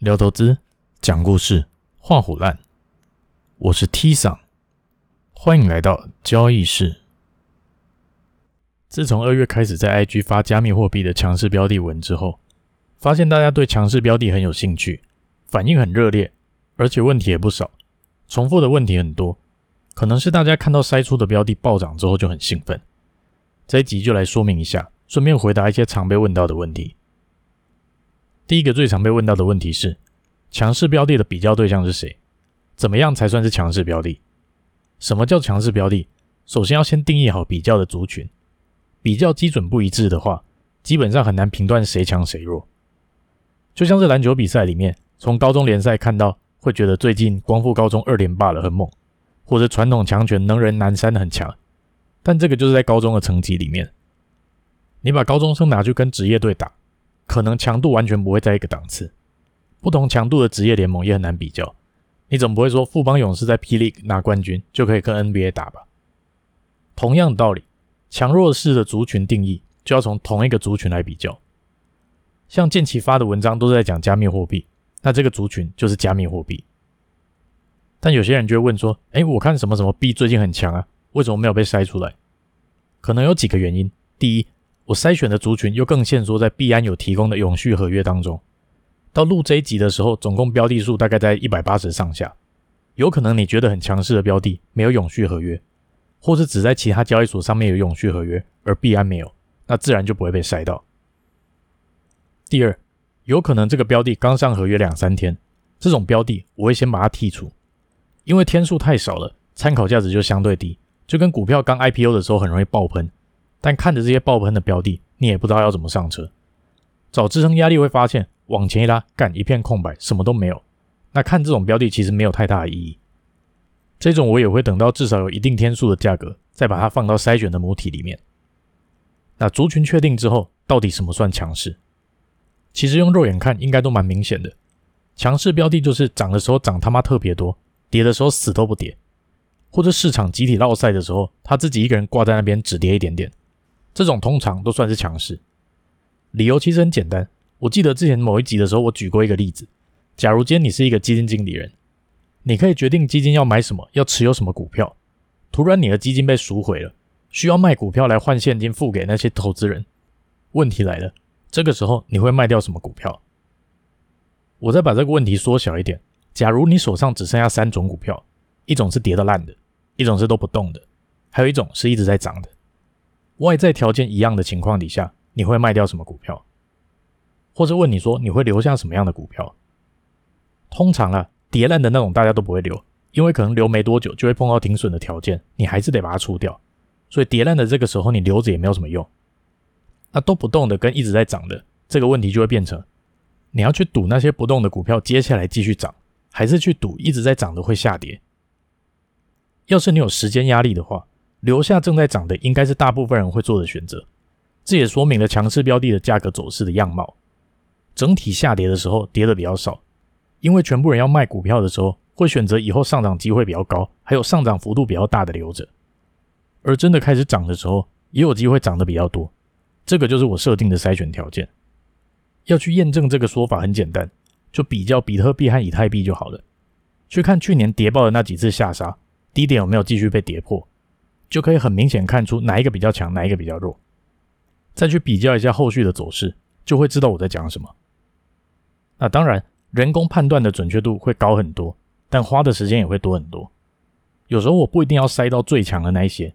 聊投資，講故事，話虎爛，我是 T 桑，歡迎來到交易室。自從二月開始在 IG 發加密貨幣的強勢標的文之後，發現大家對強勢標的很有興趣，反應很熱烈，而且問題也不少，重複的問題很多，可能是大家看到篩出的標的暴漲之後就很興奮。這一集就來說明一下，順便回答一些常被問到的問題。第一個最常被問到的問題是，強勢標的的比較對象是誰？怎麼樣才算是強勢標的？什麼叫強勢標的？首先要先定義好比較的族群，比較基準不一致的話，基本上很難評斷誰強誰弱。就像是籃球比賽裡面，從高中聯賽看到，會覺得最近光復高中二連霸了很猛，或者傳統強權能仁南山很強，但這個就是在高中的層級裡面，你把高中生拿去跟職業隊打。可能強度完全不會在一個檔次，不同強度的職業聯盟也很難比較。你總不會說富邦勇士在 P. League 拿冠軍就可以跟 NBA 打吧？同樣的道理，強弱勢的族群定義就要從同一個族群來比較。像近期發的文章都是在講加密貨幣，那這個族群就是加密貨幣。但有些人就會問說，誒，我看什麼什麼幣最近很強啊，為什麼沒有被篩出來？可能有幾個原因。第一，我篩選的族群又更限縮在幣安有提供的永續合約當中。到錄這一集的時候，總共標的數大概在一百八十上下。有可能你覺得很強勢的標的沒有永續合約，或是只在其他交易所上面有永續合約，而幣安沒有，那自然就不會被篩到。第二，有可能這個標的剛上合約兩三天，這種標的我會先把它剔除，因為天數太少了，參考價值就相對低，就跟股票剛 IPO 的時候很容易爆噴，但看着這些爆噴的標的，你也不知道要怎麼上車。找支撐壓力會發現往前一拉，幹，一片空白，什麼都沒有。那看這種標的其實沒有太大的意義。這種我也會等到至少有一定天數的價格，再把它放到篩選的母體裡面。那族群確定之後，到底什麼算強勢？其實用肉眼看應該都蠻明顯的。強勢標的就是漲的時候漲他媽特別多，跌的時候死都不跌，或者市場集體落賽的時候，他自己一個人掛在那邊只跌一點點。這種通常都算是強勢，理由其實很簡單。我記得之前某一集的時候，我舉過一個例子，假如今天你是一個基金經理人，你可以決定基金要買什麼，要持有什麼股票。突然你的基金被贖回了，需要賣股票來換現金付給那些投資人。問題來了，這個時候你會賣掉什麼股票？我再把這個問題縮小一點，假如你手上只剩下三種股票，一種是跌得爛的，一種是都不動的，還有一種是一直在漲的。外在條件一樣的情況底下，你會賣掉什麼股票？或者問你說，你會留下什麼樣的股票？通常啊，跌爛的那種大家都不會留，因為可能留沒多久就會碰到停損的條件，你還是得把它出掉。所以跌爛的這個時候，你留着也沒有什麼用。那都不動的跟一直在漲的，這個問題就會變成，你要去賭那些不動的股票接下來繼續漲，還是去賭一直在漲的會下跌？要是你有時間壓力的話。留下正在漲的，應該是大部分人會做的選擇。這也說明了強勢標的的價格走勢的樣貌。整體下跌的時候，跌的比較少，因為全部人要賣股票的時候，會選擇以後上漲機會比較高，還有上漲幅度比較大的留着。而真的開始漲的時候，也有機會漲得比較多。這個就是我設定的篩選條件。要去驗證這個說法很簡單，就比較比特幣和以太幣就好了。去看去年跌爆的那幾次下殺，低點有沒有繼續被跌破。就可以很明顯看出哪一個比較強，哪一個比較弱，再去比較一下後續的走勢，就會知道我在講什麼。那當然，人工判斷的準確度會高很多，但花的時間也會多很多。有時候我不一定要篩到最強的那一些，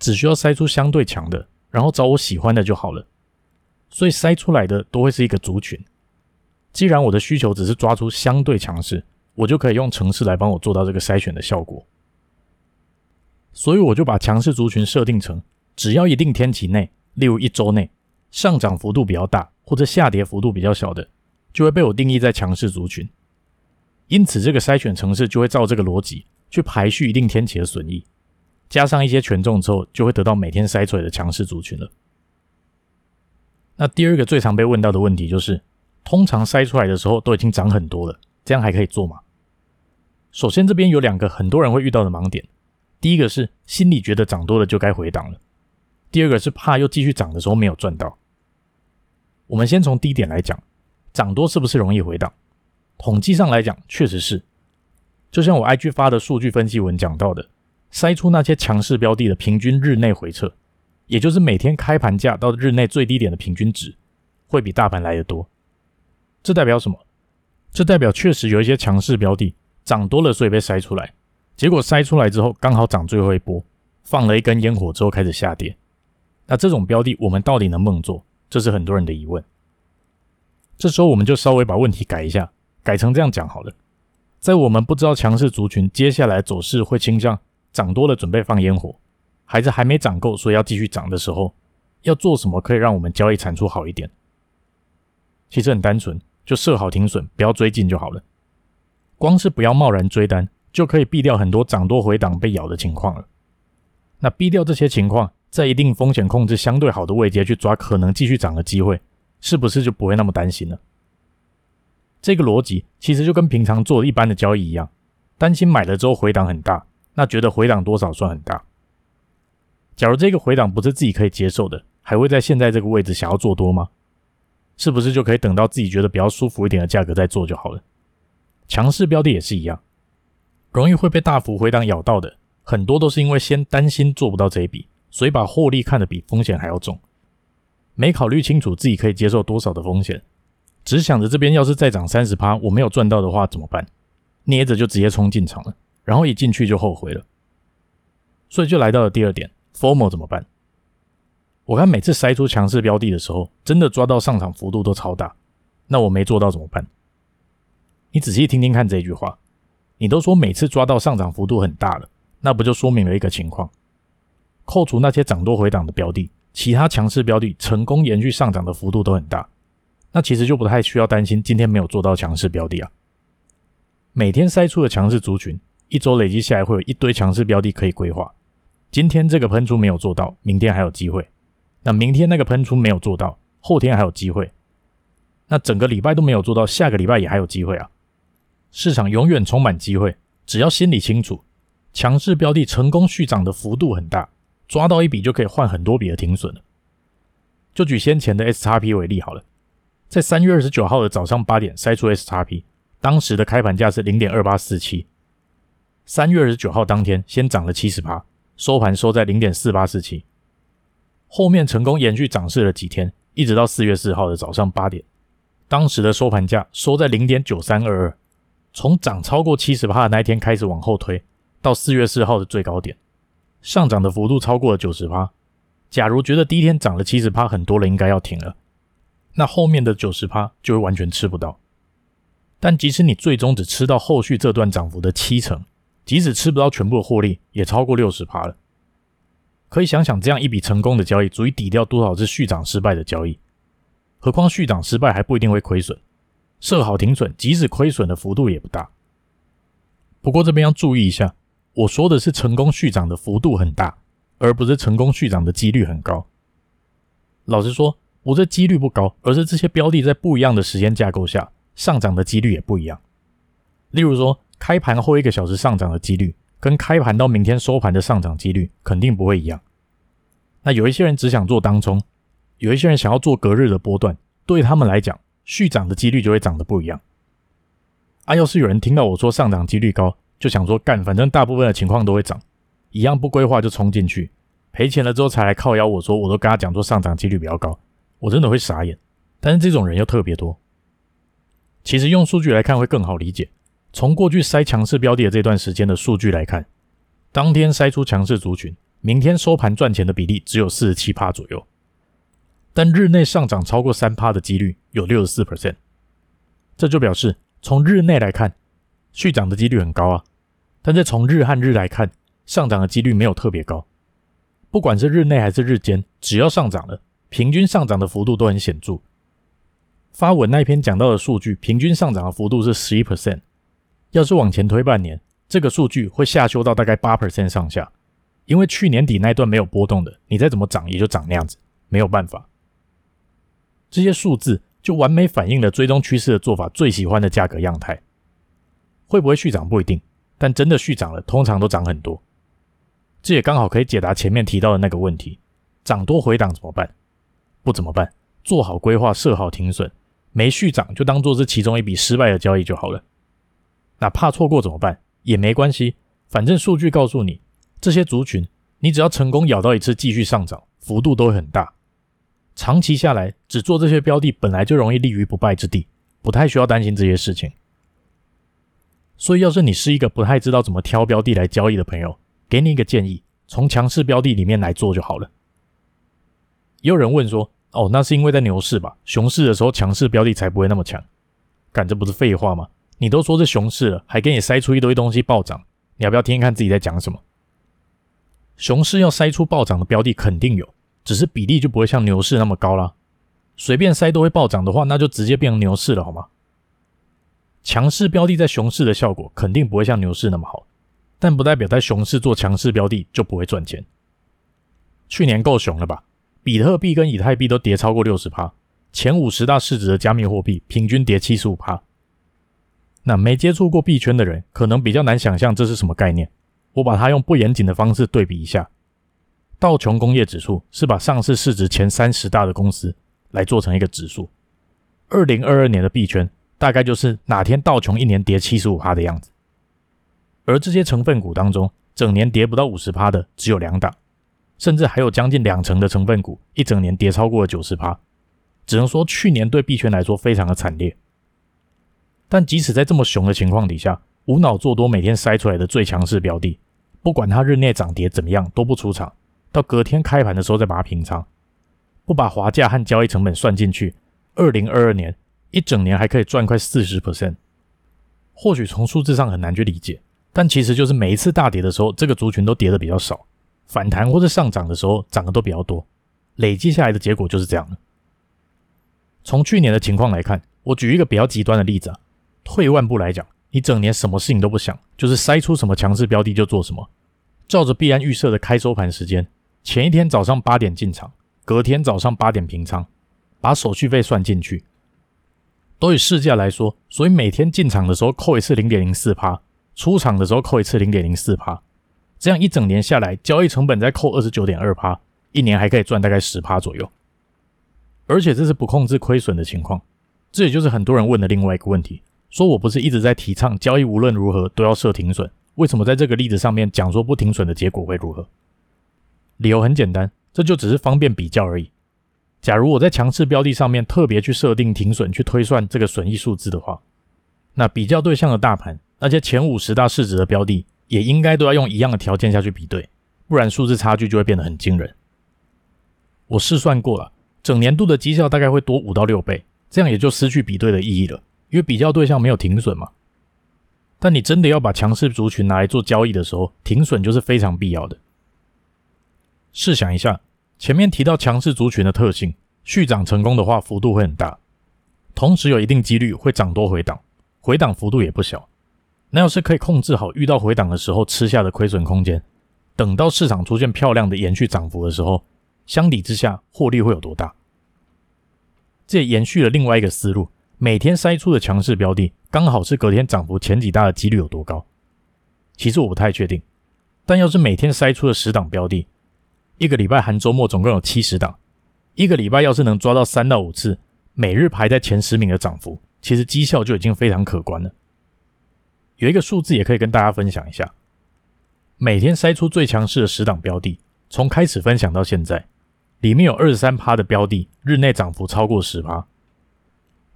只需要篩出相對強的，然後找我喜歡的就好了。所以篩出來的都會是一個族群。既然我的需求只是抓出相對強勢，我就可以用程式來幫我做到這個篩選的效果。所以我就把強勢族群設定成，只要一定天期內，例如一周內，上漲幅度比較大或者下跌幅度比較小的，就會被我定義在強勢族群。因此，這個篩選程式就會照這個邏輯去排序一定天期的損益，加上一些權重之後，就會得到每天篩出來的強勢族群了。那第二個最常被問到的問題就是，通常篩出來的時候都已經漲很多了，這樣還可以做嗎？首先，這邊有兩個很多人會遇到的盲點。第一個是心裡覺得漲多了就該回檔了，第二個是怕又繼續漲的時候沒有賺到。我們先從低點來講，漲多是不是容易回檔？統計上來講，確實是。就像我 IG 發的數據分析文講到的，篩出那些強勢標的的平均日內回撤，也就是每天開盤價到日內最低點的平均值，會比大盤來得多。這代表什麼？這代表確實有一些強勢標的漲多了，所以被篩出來。結果篩出來之後，剛好漲最後一波，放了一根煙火之後開始下跌。那這種標的我們到底能不能做？這是很多人的疑問。這時候我們就稍微把問題改一下，改成這樣講好了。在我們不知道強勢族群接下來走勢會傾向漲多了準備放煙火，還是還沒漲夠所以要繼續漲的時候，要做什麼可以讓我們交易產出好一點？其實很單純，就設好停損，不要追進就好了。光是不要貿然追單。就可以避掉很多漲多回檔被咬的情況了。那避掉這些情況，在一定風險控制相對好的位階去抓可能繼續漲的機會，是不是就不會那麼擔心了？這個邏輯其實就跟平常做一般的交易一樣，擔心買了之後回檔很大，那覺得回檔多少算很大？假如這個回檔不是自己可以接受的，還會在現在這個位置想要做多嗎？是不是就可以等到自己覺得比較舒服一點的價格再做就好了？強勢標的也是一樣。容易會被大幅回檔咬到的很多都是因為先擔心做不到這一筆，所以把獲利看得比風險還要重，沒考慮清楚自己可以接受多少的風險，只想着這邊要是再漲三十趴，我沒有賺到的話怎麼辦？捏着就直接衝進場了，然後一進去就後悔了。所以就來到了第二點，FOMO 怎麼辦？我看每次篩出強勢標的的時候，真的抓到上漲幅度都超大，那我沒做到怎麼辦？你仔細聽聽看這句話。你都說每次抓到上漲幅度很大了，那不就說明了一個情況：扣除那些漲多回檔的標的，其他強勢標的成功延續上漲的幅度都很大。那其實就不太需要擔心今天沒有做到強勢標的啊。每天篩出的強勢族群，一周累積下來會有一堆強勢標的可以規劃。今天這個噴出沒有做到，明天還有機會。那明天那個噴出沒有做到，後天還有機會。那整個禮拜都沒有做到，下個禮拜也還有機會啊。市場永遠充滿機會，只要心裡清楚，強勢標的成功續漲的幅度很大，抓到一筆就可以換很多筆的停損了。就舉先前的 SXP 為例好了，在三月二十九號的早上八點篩出 SXP，當時的開盤價是零點二八四七。三月二十九號當天先漲了七十趴，收盤收在零點四八四七。後面成功延續漲勢了幾天，一直到四月四號的早上八點，當時的收盤價收在零點九三二二。從漲超過七十趴的那一天開始往後推，到四月四號的最高點，上漲的幅度超過了九十趴。假如覺得第一天漲了七十趴，很多人應該要停了，那後面的九十趴就會完全吃不到。但即使你最終只吃到後續這段漲幅的七成，即使吃不到全部的獲利，也超過六十趴了。可以想想，這樣一筆成功的交易，足以抵掉多少次續漲失敗的交易，何況續漲失敗還不一定會虧損。設好停損，即使虧損的幅度也不大。不過這邊要注意一下，我說的是成功續漲的幅度很大，而不是成功續漲的幾率很高。老實說，不是機率不高，而是這些標的在不一樣的時間架構下上漲的幾率也不一樣。例如說，開盤後一個小時上漲的幾率，跟開盤到明天收盤的上漲幾率肯定不會一樣。那有一些人只想做當沖，有一些人想要做隔日的波段，對他們來講，續漲的幾率就會長得不一樣啊！要是有人聽到我說上漲幾率高，就想說幹，反正大部分的情況都會漲，一樣不規劃就衝進去，賠錢了之後才來靠腰我說，我都跟他講說上漲幾率比較高，我真的會傻眼。但是這種人又特別多，其實用數據來看會更好理解。從過去篩強勢標的這段時間的數據來看，當天篩出強勢族群，明天收盤賺錢的比例只有四十七趴左右。但日內上漲超過三趴的幾率有六十四 percent，這就表示從日內來看，續漲的幾率很高啊。但是從日和日來看，上漲的幾率沒有特別高。不管是日內還是日間，只要上漲了，平均上漲的幅度都很顯著。發文那篇講到的數據，平均上漲的幅度是十一 percent。要是往前推半年，這個數據會下修到大概八 percent 上下。因為去年底那段沒有波動的，你再怎麼漲也就漲那樣子，沒有辦法。這些數字就完美反映了追蹤趨勢的做法最喜歡的價格樣態。會不會續漲不一定，但真的續漲了，通常都漲很多。這也剛好可以解答前面提到的那個問題：漲多回檔怎麼辦？不怎麼辦？做好規劃，設好停損，沒續漲就當做是其中一筆失敗的交易就好了。哪怕錯過怎麼辦？也沒關係，反正數據告訴你，這些族群你只要成功咬到一次，繼續上漲，幅度都會很大。長期下來，只做這些標的本來就容易立於不敗之地，不太需要擔心這些事情。所以，要是你是一個不太知道怎麼挑標的來交易的朋友，給你一個建議：從強勢標的裡面來做就好了。也有人問說：“哦，那是因為在牛市吧？熊市的時候強勢標的才不會那麼強。”幹，這不是廢話嗎？你都說是熊市了，還給你篩出一堆東西暴漲，你要不要聽聽看自己在講什麼？熊市要篩出暴漲的標的肯定有。只是比例就不會像牛市那麼高啦，隨便塞都會暴漲的話，那就直接變成牛市了，好嗎？強勢標的在熊市的效果肯定不會像牛市那麼好，但不代表在熊市做強勢標的就不會賺錢。去年夠熊了吧？比特幣跟以太幣都跌超過六十趴，前五十大市值的加密貨幣平均跌七十五趴。那沒接觸過幣圈的人，可能比較難想象這是什麼概念。我把它用不嚴謹的方式對比一下。道瓊工業指數是把上市市值前三十大的公司來做成一個指數。二零二二年的幣圈大概就是哪天道瓊一年跌七十五趴的樣子，而這些成分股當中，整年跌不到五十趴的只有兩檔，甚至還有將近兩成的成分股一整年跌超過了九十趴。只能說去年對幣圈來說非常的慘烈。但即使在這麼熊的情況底下，無腦做多每天篩出來的最強勢標的，不管它日內漲跌怎麼樣，都不出場。到隔天開盤的時候再把它平倉，不把滑價和交易成本算進去，二零二二年一整年還可以賺快四十 percent。或許從數字上很難去理解，但其實就是每一次大跌的時候，這個族群都跌的比較少，反彈或者上漲的時候漲的都比較多，累積下來的結果就是這樣的。從去年的情況來看，我舉一個比較極端的例子啊，退一萬步來講，你整年什麼事情都不想，就是篩出什麼強勢標的就做什麼，照着必安預設的開收盤時間。前一天早上八點進場，隔天早上八點平倉，把手續費算進去。都以市價來說，所以每天進場的時候扣一次零點零四趴，出場的時候扣一次零點零四趴，這樣一整年下來，交易成本再扣二十九點二趴，一年還可以賺大概十趴左右。而且這是不控制虧損的情況，這也就是很多人問的另外一個問題：說我不是一直在提倡交易無論如何都要設停損，為什麼在這個例子上面講說不停損的結果會如何？理由很簡單，這就只是方便比較而已。假如我在強勢標的上面特別去設定停損，去推算這個損益數字的話，那比較對象的大盤，那些前五十大市值的標的，也應該都要用一樣的條件下去比對，不然數字差距就會變得很驚人。我試算過了，整年度的績效大概會多五到六倍，這樣也就失去比對的意義了，因為比較對象沒有停損嘛。但你真的要把強勢族群拿來做交易的時候，停損就是非常必要的。試想一下，前面提到強勢族群的特性，續漲成功的話幅度會很大，同時有一定幾率會漲多回檔，回檔幅度也不小。那要是可以控制好遇到回檔的時候吃下的虧損空間，等到市場出現漂亮的延續漲幅的時候，相比之下獲利會有多大？這也延續了另外一個思路：每天篩出的強勢標的，剛好是隔天漲幅前幾大的幾率有多高？其實我不太確定，但要是每天篩出的十檔標的，一個禮拜含週末總共有七十檔，一個禮拜要是能抓到三到五次每日排在前十名的漲幅，其實績效就已經非常可觀了。有一個數字也可以跟大家分享一下，每天篩出最強勢的十檔標的，從開始分享到現在，裡面有二十三趴的標的日內漲幅超過十趴，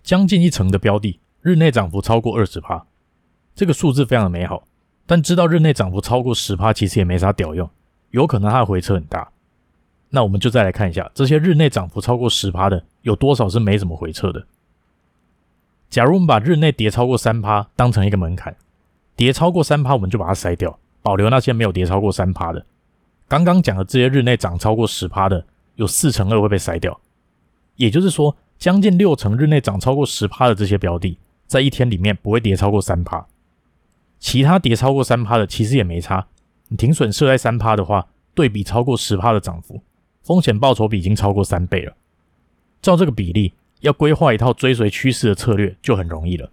將近一成的標的日內漲幅超過二十趴，這個數字非常的美好。但知道日內漲幅超過十趴其實也沒啥屌用，有可能它的回撤很大。那我們就再來看一下，這些日內漲幅超過十趴的有多少是沒怎麼回撤的？假如我們把日內跌超過三趴當成一個門檻，跌超過三趴我們就把它篩掉，保留那些沒有跌超過三趴的。剛剛講的這些日內漲超過十趴的，有四成二會被篩掉，也就是說，將近六成日內漲超過十趴的這些標的，在一天裡面不會跌超過三趴。其他跌超過三趴的其實也沒差，你停損設在三趴的話，對比超過十趴的漲幅。風險報酬比已經超過三倍了，照這個比例，要規劃一套追隨趨勢的策略就很容易了。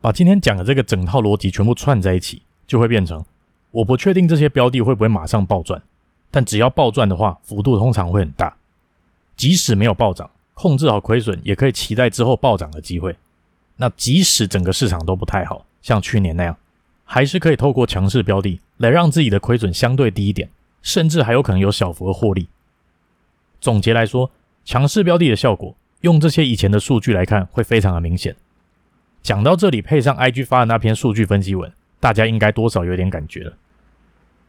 把今天講的這個整套邏輯全部串在一起，就會變成：我不確定這些標的會不會馬上暴賺，但只要暴賺的話，幅度通常會很大。即使沒有暴漲，控制好虧損，也可以期待之後暴漲的機會。那即使整個市場都不太好，像去年那樣，還是可以透過強勢標的來讓自己的虧損相對低一點。甚至還有可能有小幅的獲利。總結來說，強勢標的的效果，用這些以前的數據來看，會非常的明顯。講到這裡，配上 IG 發的那篇數據分析文，大家應該多少有點感覺了。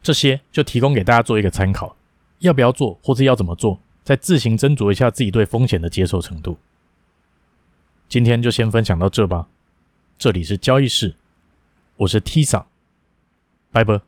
這些就提供給大家做一個參考，要不要做，或是要怎麼做，再自行斟酌一下自己對風險的接受程度。今天就先分享到這吧。這裡是交易事，我是 Tisa，拜拜。